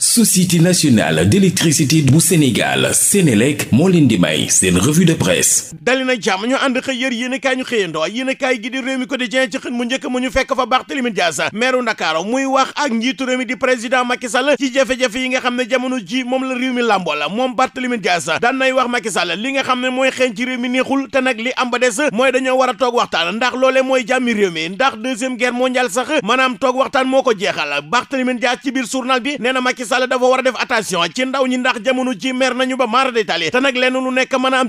société nationale d'électricité bu Sénégal Sénélec moo leen di may seen revue de presse dali na jàmm ñu ànd xëy yër yéen i kaay ñu xëyandoo yéen i kaay gi di réew mi quotidien ci xën ci jafe-jafe yi nga xam ne jamono ji moom la réew mi làmboo la moom Barthélémy Dias daan nay wax Macky Sall li nga xam ne mooy xeeñ ci réew mi neexul te nag li am ba des mooy dañoo war a toog waxtaan ndax loole mooy jàmmi réew mi ndax deuxième guerre mondiale sax maanaam toog waxtaan moo ko jeexal Barthélémy Dias ci biir journal bi nee Sall dafa war a def attention ndaw ñi ndax jamono ji mer nañu ba mara détaillé te nag lenn lu nekk mën a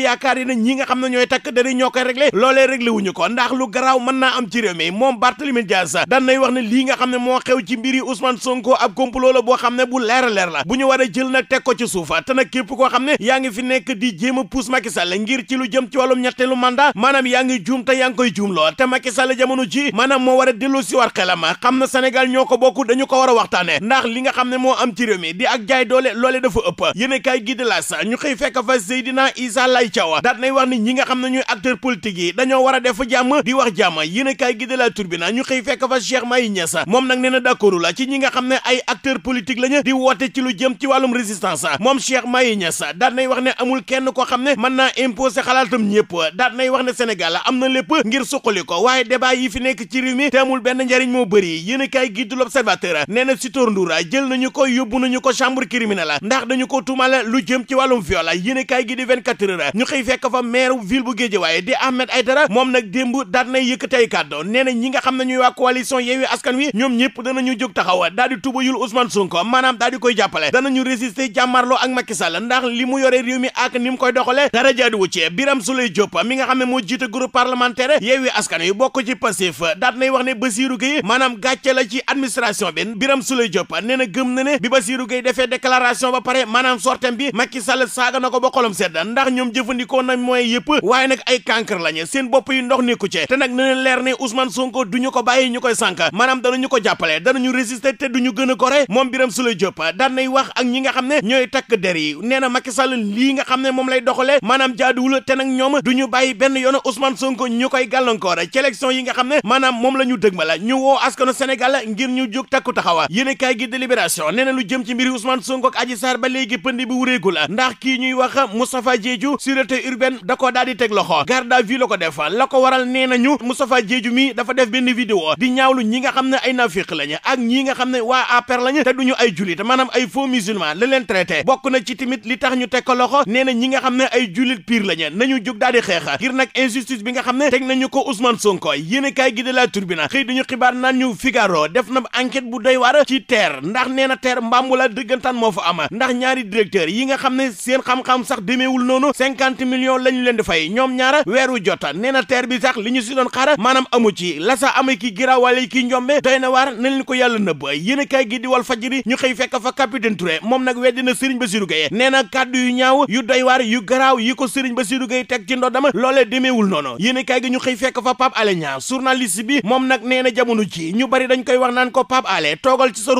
yaakaar yi ñi nga xam ne ñooy takk dari ñoo koy réglé loolee réglé wuñu ko ndax lu garaaw mën naa am ci réew mi moom Barthélémy Dias dan nay wax ne lii nga xam ne moo xew ci mbiri usman Sonko ab complot la boo xam ne bu leera a leer la bu ñu war a jël nag teg ko ci suufa te nag képp koo xam ne yaa ngi fi nekk di jéem a puus Macky Sall ngir ci lu jëm ci wàllum ñetteelu mandat maanaam yaa ngi juum te yaa ngi koy juum loo te Macky Sall jamono ji maanaam moo war a dellu si war xelama xam na Sénégal ñoo ko bokk dañu ko war a waxtaane ndax li nga xam ne moo am ci réew mi di ak jaay doole loole dafa ëpp yéen a kaay sa ñu xëy fekk fa Seydina Issa Lay Thiaw daat nay wax ni ñi nga xam ne ñuy acteur politique yi dañoo war a def jàmm di wax jàmm yéen a kaay gi de la ñu xëy fekk fa Cheikh Maye Niass moom nag nee na d'accord la ci ñi nga xam ne ay acteur politique lañu di woote ci lu jëm ci wàllum résistance moom Cheikh Maye Niass daat nay wax ne amul kenn koo xam ne mën naa imposer xalaatam ñëpp daat nay wax ne Sénégal am na lépp ngir suqali ko waaye débat yi fi nekk ci réew mi amul benn njariñ moo bëri yéen kaay gi de l'Observateur nee na Sitor Ndour jël nañu ñu ko yóbbu nañu ko chambre criminelle ndax dañu ko tuumal lu jëm ci wàllum viol yéenekaay gi di 24 heures ñu xëy fekk fa maire ville bu Guédiawaye di Ahmed Aïdara moom nag démb daat nay yëkkati ay kàddu nee na ñi nga xam ne ñuy waa coalition Yewwi Askan Wi ñoom ñëpp danañu jóg taxaw daal di tubayul Ousmane Sonko maanaam daal koy jàppale danañu résister jàmmarloo ak Macky Sall ndax li mu yore réew mi ak ni mu koy doxale dara jaadiwu ci Biram Souleye Diop mi nga xam ne moo jiite groupe parlementaire Wi bokk ci Pastef daat nay wax ne Bassirou Gueye maanaam gàcce la ci administration bi Biram Souleye Diop nee na gëm xam na ne bi Bassirou Gueye defee déclaration ba pare maanaam sortem bi Macky Sall saaga na ko ba xolom sedd ndax ñoom jëfandikoo na mooy yëpp waaye nag ay cancre lañu seen bopp yu ndox nekku ci te nag na leen leer ne Ousmane Sonko du ñu ko bàyyi ñu koy sànk maanaam ñu ko jàppale danañu résister te duñu gën a gore moom Birame Souleye Diop daan nay wax ak ñi nga xam ne ñooy takk der yi nee na Macky Sall lii nga xam ne moom lay doxalee maanaam jaaduwul te ñoom du ñu bàyyi benn yoon Ousmane Sonko ñu koy gàllankoor ci yi nga xam ne moom la ñu dëgmal ñu woo askanu Sénégal ngir ñu jóg takku taxawa yéene kaay gi délibération libération nee lu jëm ci mbiri Ousmane Sonko ak Adji Sarr ba léegi pënd bi la ndax kii ñuy wax Moustapha Diédhiou sûreté urbaine da ko daal di teg loxo garde à vue la ko def la ko waral nee nañu Moustapha Diédhiou mi dafa def benn vidéo di ñaawlu ñi nga xam ne ay nafiq lañu ak ñi nga xam ne waa APR lañu te duñu ay julit maanaam ay faux musulman la leen bokk na ci tamit li tax ñu teg ko loxo nee na ñi nga xam ne ay julit pire lañu nañu jóg daal di xeex ngir nag injustice bi nga xam ne teg nañu ko Ousmane Sonko yéene kaay gi de la turbina xëy dañu xibaar naan ñu Figaro def na enquête bu doy waar ci terre ndax nee na teer mbàmbu la dëggantaan moo fa ama ndax ñaari directeur yi nga xam ne seen xam-xam sax demeewul noonu cinquante millions la ñu leen di fay ñoom ñaara weeru jota nee na teer bi sax li ñu si doon xara maanaam amu ci la sa amee ki giraawale ki njombe doy na waar na leen ko yàlla nëbb yéen kay gi di wal fajiri ñu xëy fekk fa capitaine Touré moom nag weddi na Serigne Bassirou Gueye nee na kàddu yu ñaaw yu doy waar yu garaaw yi ko Serigne Bassirou Gueye teg ci ndodam loolee demeewul noonu yéen kay gi ñu xëy fekk fa Pape Alé Niang journaliste bi moom nag nee na jamono ji ñu bari dañ koy wax naan ko Pape Alé toogal ci sa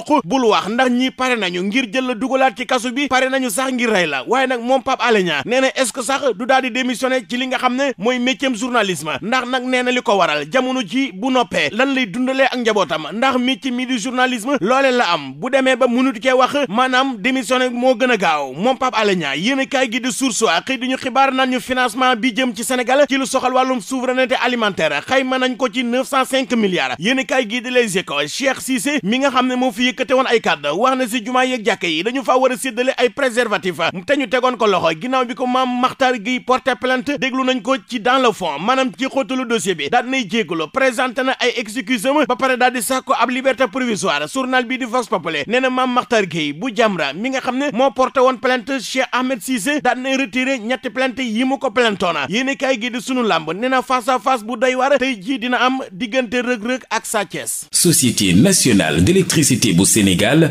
ndax ñi pare nañu ngir jël la dugalaat ci kasu bi pare nañu sax ngir rey la waaye nag moom Pape Alé Niang nee na est-ce que sax du daal di démissionné ci li nga xam ne mooy métier journalisme ndax nag nee na li ko waral jamono ji bu noppee lan lay dundalee ak njabootam ndax métier mi di journalisme loole la am bu demee ba mënut cee wax maanaam démissionné moo gën a gaaw moom Pape Alé Niang yéen a gi di source a xëy ñu xibaar naan ñu financement bi jëm ci Sénégal ci lu soxal wàllum souveraineté alimentaire xayma nañ ko ci neuf cent cinq milliards yéen gi di Les Échos Cheikh Cissé mi nga xam ne moo fi yëkkate woon ay kàddu da wax na si jumaa yeeg jàkka yi dañu faa war a séddale ay préservatif te ñu tegoon ko loxo ginnaaw bi ko maam Makhtar Gueye porté plainte déglu nañ ko ci dans le fond maanaam ci xóotalu dossier bi daal nay jéegalu présenté na ay excuse ba pare daal di sàkku ab liberté provisoire journal bi di Vox Populi nee na maam Makhtar Gueye bu Jamra mi nga xam ne moo porté woon plainte Cheikh Ahmed Cissé daal nay retiré ñetti plainte yi mu ko plaintoona yéene kaay gi di sunu làmb nee na face à face bu doy war tey jii dina am diggante rëg-rëg ak Sa Thiès société nationale d'électricité bu Sénégal